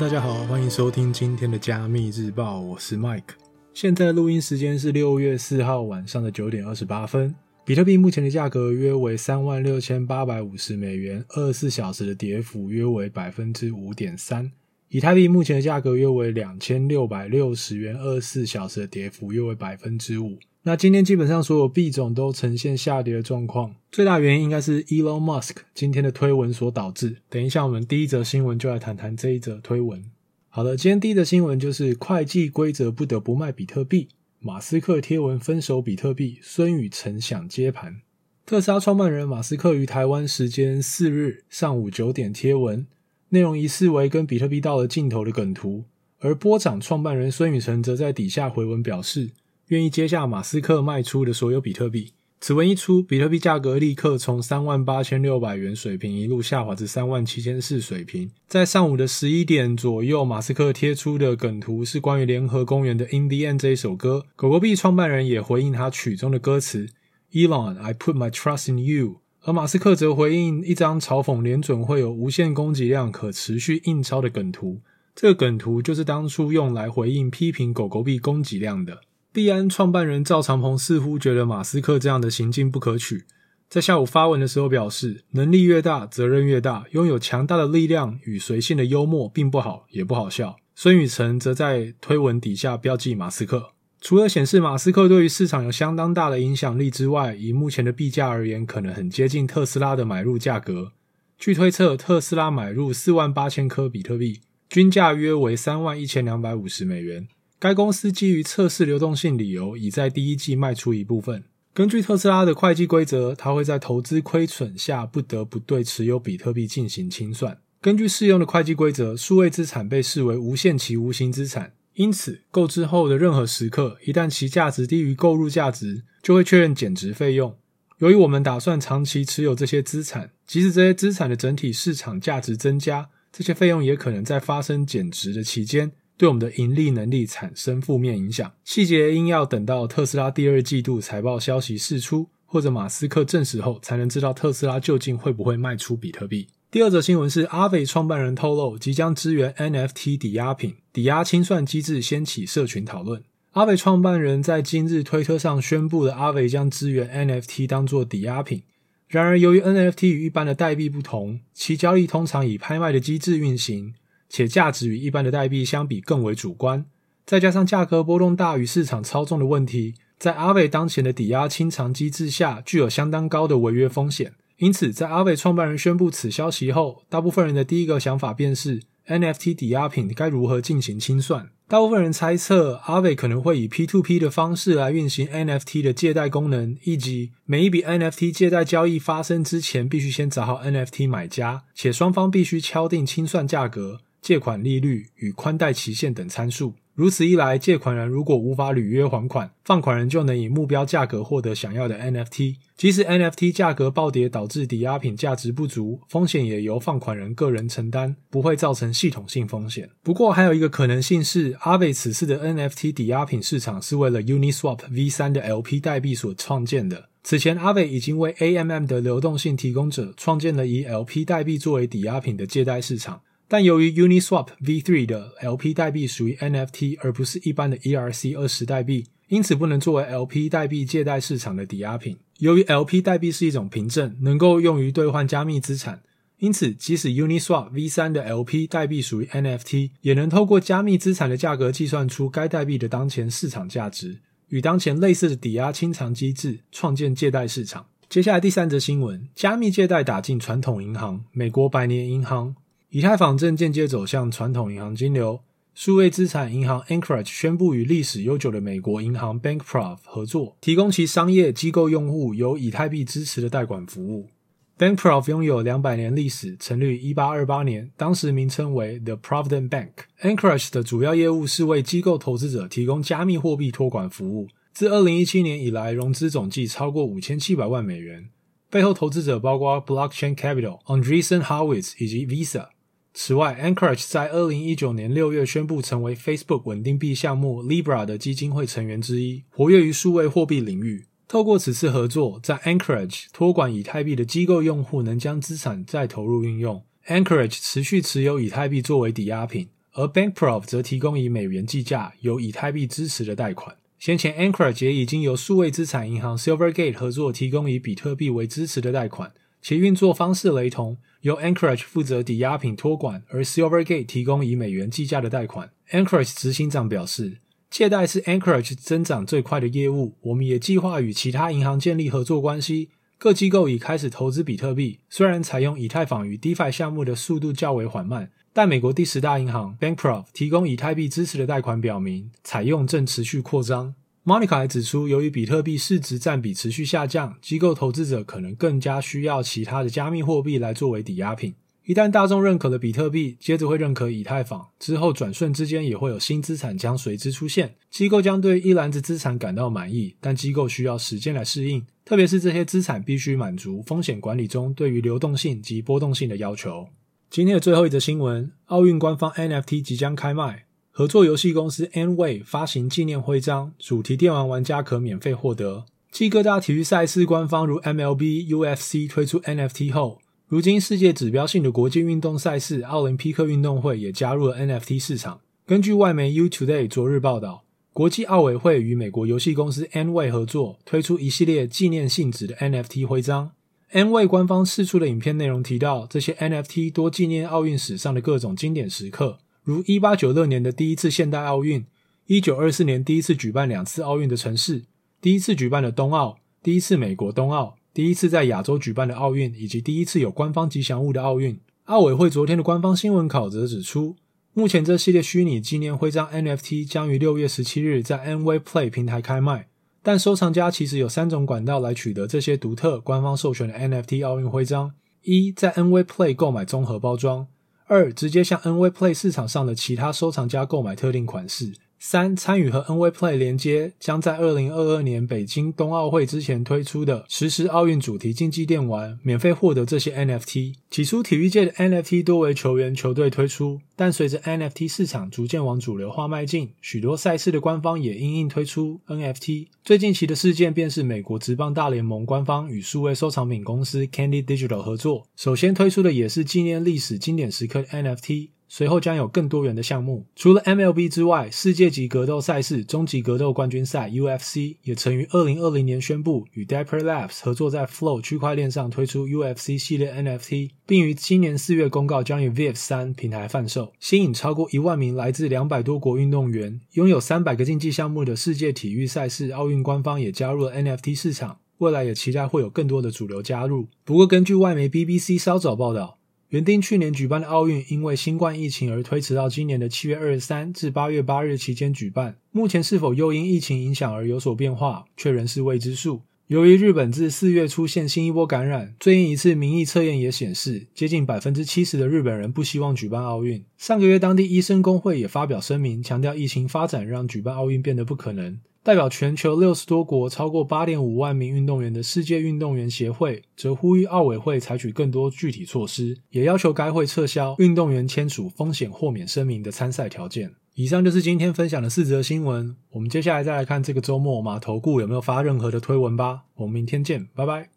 大家好，歡迎收聽今天的加密日報，我是 Mike。現在的錄音時間是六月四號晚上的九點二十八分。比特幣目前的價格約為三萬六千八百五十美元，二十四小時的跌幅約為百分之五點三。以太幣目前的價格約為兩千六百六十元，二十四小時的跌幅約為百分之五。那今天基本上所有幣種都呈現下跌的狀況，最大原因應該是 Elon Musk 今天的推文所導致。等一下，我們第一則新聞就來談談這一則推文。好的，今天第一則新聞就是會計規則不得不賣比特幣，馬斯克貼文分手比特幣，孫宇晨想接盤。特斯拉創辦人馬斯克於台灣時間四日上午九點貼文，內容疑似為跟比特幣到了盡頭的梗圖，而波場創辦人孫宇晨則在底下回文表示。願意接下馬斯克賣出的所有比特幣。此文一出，比特幣價格立刻從三萬八千六百元水平一路下滑至三萬七千四水平。在上午的十一點左右，馬斯克貼出的梗圖是關於聯合公園的《In the End》這一首歌。狗狗幣創辦人也回應他曲中的歌詞：“Elon, I put my trust in you。”而馬斯克則回應一張嘲諷聯準會有無限供給量可持續印鈔的梗圖。這個梗圖就是當初用來回應批評狗狗幣供給量的。幣安創辦人趙長鵬似乎覺得馬斯克這樣的行徑不可取，在下午發文的時候表示：“能力越大，責任越大。擁有強大的力量與隨性的幽默，並不好，也不好笑。”孫宇晨則在推文底下標記馬斯克，除了顯示馬斯克對於市場有相當大的影響力之外，以目前的幣價而言，可能很接近特斯拉的買入價格。據推測，特斯拉買入四萬八千顆比特幣，均價約為三萬一千兩百五十美元。該公司基於測試流動性理由，已在第一季賣出一部分。根據特斯拉的會計規則，它會在投資虧損下不得不對持有比特幣進行清算。根據適用的會計規則，數位資產被視為無限期無形資產，因此購置後的任何時刻，一旦其價值低於購入價值，就會確認減值費用。由於我們打算長期持有這些資產，即使這些資產的整體市場價值增加，這些費用也可能在發生減值的期間對我們的盈利能力產生負面影響。細節應要等到特斯拉第二季度財報消息釋出，或者馬斯克證實後，才能知道特斯拉究竟會不會賣出比特幣。第二則新聞是 Aave 創辦人透露即將支援 NFT 抵押品、抵押清算機制，掀起社群討論。Aave 創辦人在今日推特上宣布了，Aave 將支援 NFT 當做抵押品。然而，由於 NFT 與一般的代幣不同，其交易通常以拍賣的機制運行。且價值與一般的代幣相比更為主觀，再加上價格波動大與市場操縱的問題，在 Aave 當前的抵押清償機制下，具有相當高的違約風險。因此，在 Aave 創辦人宣布此消息後，大部分人的第一個想法便是 NFT 抵押品該如何進行清算。大部分人猜測 Aave 可能會以 P2P 的方式來運行 NFT 的借貸功能，以及每一筆 NFT 借貸交易發生之前，必須先找好 NFT 買家，且雙方必須敲定清算價格。借款利率與寬帶期限等參數。如此一來，借款人如果無法履約還款，放款人就能以目標價格獲得想要的 NFT。即使 NFT 價格暴跌導致抵押品價值不足，風險也由放款人個人承擔，不會造成系統性風險。不過，還有一個可能性是，阿偉此次的 NFT 抵押品市場是為了 Uniswap V3 的 LP 代幣所創建的。此前，阿偉已經為 AMM 的流動性提供者創建了以 LP 代幣作為抵押品的借貸市場。但由於 Uniswap V3 的 LP 代幣屬於 NFT 而不是一般的 ERC20 代幣，因此不能作為 LP 代幣借貸市場的抵押品。由於 LP 代幣是一種憑證，能夠用於兌換加密資產，因此即使 Uniswap V3 的 LP 代幣屬於 NFT，也能透過加密資產的價格計算出該代幣的當前市場價值，與當前類似的抵押清償機制創建借貸市場。接下來第三則新聞：加密借貸打進傳統銀行，美國百年銀行。以太坊正間接走向傳統銀行金流。數位資產銀行 Anchorage 宣布與歷史悠久的美國銀行 BankProv 合作，提供其商業機構用戶由以太幣支持的貸款服務。BankProv 擁有兩百年歷史，成立於一八二八年，當時名稱為 The Provident Bank。Anchorage 的主要業務是為機構投資者提供加密貨幣托管服務。自二零一七年以來，融資總計超過五千七百萬美元。背後投資者包括 Blockchain Capital、Andreessen Horowitz 以及 Visa。此外，Anchorage 在二零一九年六月宣布成為 Facebook 穩定幣項目 Libra 的基金會成員之一，活躍於數位貨幣領域。透過此次合作，在 Anchorage 托管以太幣的機構用戶能將資產再投入運用。Anchorage 持續持有以太幣作為抵押品，而 BankProv 則提供以美元計價、由以太幣支持的貸款。先前，Anchorage 也已經由數位資產銀行 Silvergate 合作提供以比特幣為支持的貸款。其運作方式雷同，由 Anchorage 負責抵押品托管，而 Silvergate 提供以美元計價的貸款。Anchorage 執行長表示，借貸是 Anchorage 增長最快的業務。我們也計劃與其他銀行建立合作關係。各機構已開始投資比特幣，雖然採用以太坊與 DeFi 項目的速度較為緩慢，但美國第十大銀行 BankProv 提供以太幣支持的貸款表明，採用正持續擴張。Monica 還指出，由於比特幣市值占比持續下降，機構投資者可能更加需要其他的加密貨幣來作為抵押品。一旦大眾認可了比特幣，接着會認可以太坊，之後轉瞬之間也會有新資產將隨之出現。機構將對一籃子資產感到滿意，但機構需要時間來適應，特別是這些資產必須滿足風險管理中對於流動性及波動性的要求。今天的最後一則新聞：奧運官方 NFT 即將開賣。合作遊戲公司 nWay 發行紀念徽章，主題電玩玩家可免費獲得。繼各大體育賽事官方如 MLB、UFC 推出 NFT 後，如今世界指標性的國際運動賽事——奧林匹克運動會也加入了 NFT 市場。根據外媒 U Today 昨日報道，國際奧委會與美國遊戲公司 nWay 合作推出一系列紀念性質的 NFT 徽章。nWay 官方釋出的影片內容提到，這些 NFT 多紀念奧運史上的各種經典時刻。如一八九六年的第一次現代奧運，一九二四年第一次舉辦兩次奧運的城市，第一次舉辦的冬奧，第一次美國冬奧，第一次在亞洲舉辦的奧運，以及第一次有官方吉祥物的奧運。奧委會昨天的官方新聞稿則指出，目前這系列虛擬紀念徽章 NFT 將於六月十七日在 nWay Play 平台開賣。但收藏家其實有三種管道來取得這些獨特、官方授權的 NFT 奧運徽章：一，在 nWay Play 購買綜合包裝。二，直接向 nWay Play 市場上的其他收藏家購買特定款式。三、參與和 nWay Play 連接，將在二零二二年北京冬奧會之前推出的實時奧運主題競技電玩，免費獲得這些 NFT。起初，體育界的 NFT 多為球員、球隊推出，但隨着 NFT 市場逐漸往主流化邁進，許多賽事的官方也因應推出 NFT。最近期的事件便是美國職棒大聯盟官方與數位收藏品公司 Candy Digital 合作，首先推出的也是紀念歷史經典時刻的 NFT。隨後將有更多元的項目，除了 MLB 之外，世界級格鬥賽事終極格鬥冠軍賽 UFC 也曾於二零二零年宣布與 Dapper Labs 合作，在 Flow 區塊鏈上推出 UFC 系列 NFT，並於今年四月公告將於 VF3 平台販售，吸引超過一萬名來自兩百多國運動員，擁有三百個競技項目的世界體育賽事，奧運官方也加入了 NFT 市場，未來也期待會有更多的主流加入。不過，根據外媒 BBC 稍早報道。原定去年舉辦的奧運，因為新冠疫情而推遲到今年的七月二十三至八月八日期間舉辦。目前是否又因疫情影響而有所變化，卻仍是未知數。由於日本自四月出現新一波感染，最近一次民意測驗也顯示，接近百分之七十的日本人不希望舉辦奧運。上個月，當地醫生工會也發表聲明，強調疫情發展讓舉辦奧運變得不可能。代表全球六十多國、超過八點五萬名運動員的世界運動員協會，則呼籲奧委會採取更多具體措施，也要求該會撤銷運動員簽署風險豁免聲明的參賽條件。以上就是今天分享的四則新聞。我們接下來再來看這個周末，馬頭股有沒有發任何的推文吧？我們明天見，拜拜。